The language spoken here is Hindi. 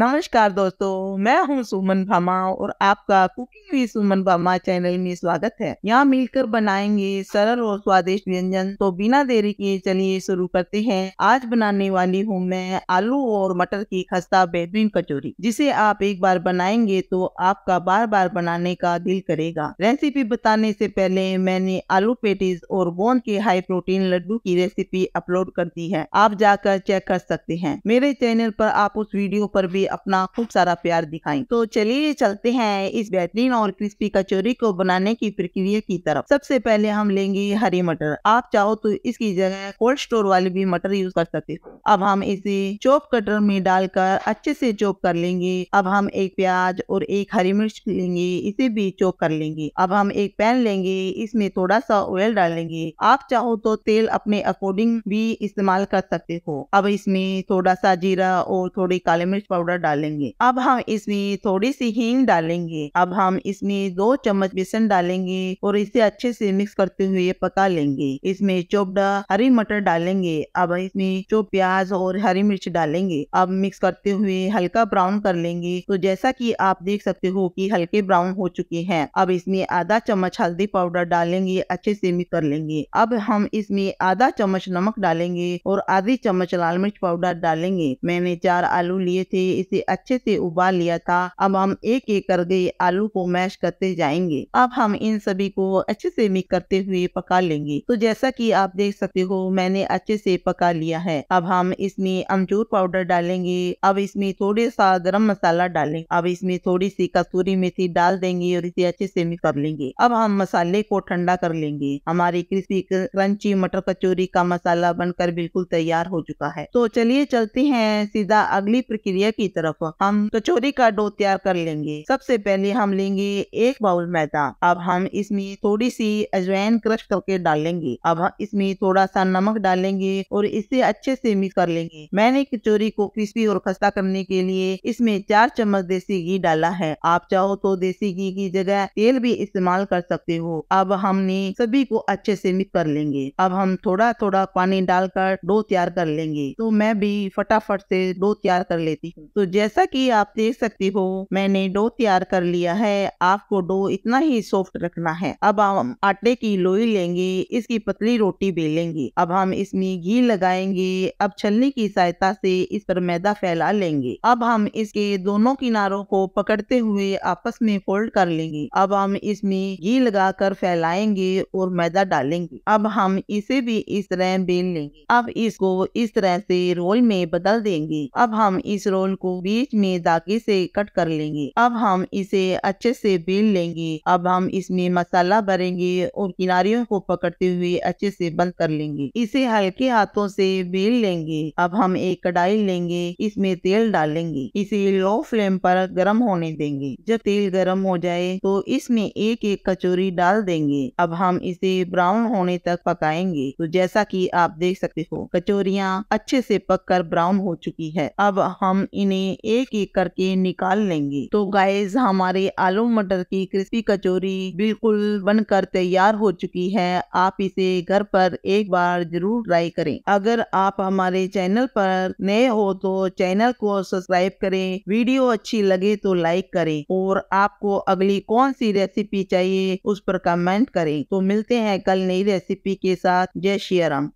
नमस्कार दोस्तों मैं हूं सुमन भामा और आपका cooking with Suman Bhama channel में स्वागत है यहाँ मिलकर बनाएंगे सरल और स्वादिष्ट व्यंजन तो बिना देरी के चलिए शुरू करते हैं आज बनाने वाली हूं मैं आलू और मटर की खस्ता बेहतरीन कचौरी जिसे आप एक बार बनाएंगे तो आपका बार बार बनाने का दिल करेगा रेसिपी बताने से पहले मैंने आलू पेटीज और बोन के हाई प्रोटीन लड्डू की रेसिपी अपलोड कर दी है आप जाकर चेक कर सकते हैं मेरे चैनल पर आप उस वीडियो पर भी भी अपना खूब सारा प्यार दिखाई तो चलिए चलते हैं इस बेहतरीन और क्रिस्पी कचौरी को बनाने की प्रक्रिया की तरफ सबसे पहले हम लेंगे हरी मटर आप चाहो तो इसकी जगह कोल्ड स्टोर वाले भी मटर यूज कर सकते हो अब हम इसे चोप कटर में डालकर अच्छे से चोप कर लेंगे अब हम एक प्याज और एक हरी मिर्च लेंगे इसे भी चोप कर लेंगे अब हम एक पैन लेंगे इसमें थोड़ा सा ऑयल डालेंगे आप चाहो तो तेल अपने अकॉर्डिंग भी इस्तेमाल कर सकते हो अब इसमें थोड़ा सा जीरा और थोड़ी काली मिर्च पाउडर पाउडर डालेंगे अब हम इसमें थोड़ी सी हींग डालेंगे अब हम इसमें दो चम्मच बेसन डालेंगे और इसे अच्छे से मिक्स करते हुए पका लेंगे इसमें चोपड़ा हरी मटर डालेंगे अब इसमें जो प्याज और हरी मिर्च डालेंगे अब मिक्स करते हुए हल्का ब्राउन कर लेंगे तो जैसा कि आप देख सकते हो कि हल्के ब्राउन हो चुके हैं अब इसमें आधा चम्मच हल्दी पाउडर डालेंगे अच्छे से मिक्स कर लेंगे अब हम इसमें आधा चम्मच नमक डालेंगे और आधी चम्मच लाल मिर्च पाउडर डालेंगे मैंने चार आलू लिए थे इसे अच्छे से उबाल लिया था अब हम एक एक करके आलू को मैश करते जाएंगे अब हम इन सभी को अच्छे से मिक्स करते हुए पका लेंगे तो जैसा कि आप देख सकते हो मैंने अच्छे से पका लिया है अब हम इसमें अमचूर पाउडर डालेंगे अब इसमें थोड़े सा गरम मसाला डालेंगे अब इसमें थोड़ी सी कसूरी मेथी डाल देंगे और इसे अच्छे से मिक्स कर लेंगे अब हम मसाले को ठंडा कर लेंगे हमारी क्रिस्पी क्रंची मटर कचोरी का मसाला बनकर बिल्कुल तैयार हो चुका है तो चलिए चलते हैं सीधा अगली प्रक्रिया की तरफ हम कचौरी तो का डो तैयार कर लेंगे सबसे पहले हम लेंगे एक बाउल मैदा अब हम इसमें थोड़ी सी अजवाइन क्रश करके डालेंगे अब हम इसमें थोड़ा सा नमक डालेंगे और इसे अच्छे से मिक्स कर लेंगे मैंने कचौरी को क्रिस्पी और खस्ता करने के लिए इसमें चार चम्मच देसी घी डाला है आप चाहो तो देसी घी की जगह तेल भी इस्तेमाल कर सकते हो अब हमने सभी को अच्छे से मिक्स कर लेंगे अब हम थोड़ा थोड़ा पानी डालकर डो तैयार कर लेंगे तो मैं भी फटाफट से डो तैयार कर लेती हूँ तो तो जैसा कि आप देख सकते हो मैंने डो तैयार कर लिया है आपको डो इतना ही सॉफ्ट रखना है अब हम आटे की लोई लेंगे इसकी पतली रोटी बेलेंगे अब हम इसमें घी लगाएंगे अब छलनी की सहायता से इस पर मैदा फैला लेंगे अब हम इसके दोनों किनारों को पकड़ते हुए आपस में फोल्ड कर लेंगे अब हम इसमें घी लगाकर फैलाएंगे और मैदा डालेंगे अब हम इसे भी इस तरह बेल लेंगे अब इसको इस तरह से रोल में बदल देंगे अब हम इस रोल को बीच में दागे से कट कर लेंगे अब हम इसे अच्छे से बेल लेंगे अब हम इसमें मसाला भरेंगे और किनारियों को पकड़ते हुए अच्छे से बंद कर लेंगे इसे हल्के हाथों से बेल लेंगे अब हम एक कढ़ाई लेंगे इसमें तेल डालेंगे इसे लो फ्लेम पर गर्म होने देंगे जब तेल गर्म हो जाए तो इसमें एक एक कचोरी डाल देंगे अब हम इसे ब्राउन होने तक पकाएंगे तो जैसा कि आप देख सकते हो कचोरिया अच्छे से पककर ब्राउन हो चुकी है अब हम इन्हें में एक एक करके निकाल लेंगे तो गाइज हमारे आलू मटर की क्रिस्पी कचौरी बिल्कुल बनकर तैयार हो चुकी है आप इसे घर पर एक बार जरूर ट्राई करें अगर आप हमारे चैनल पर नए हो तो चैनल को सब्सक्राइब करें वीडियो अच्छी लगे तो लाइक करें और आपको अगली कौन सी रेसिपी चाहिए उस पर कमेंट करें तो मिलते हैं कल नई रेसिपी के साथ जय श्री राम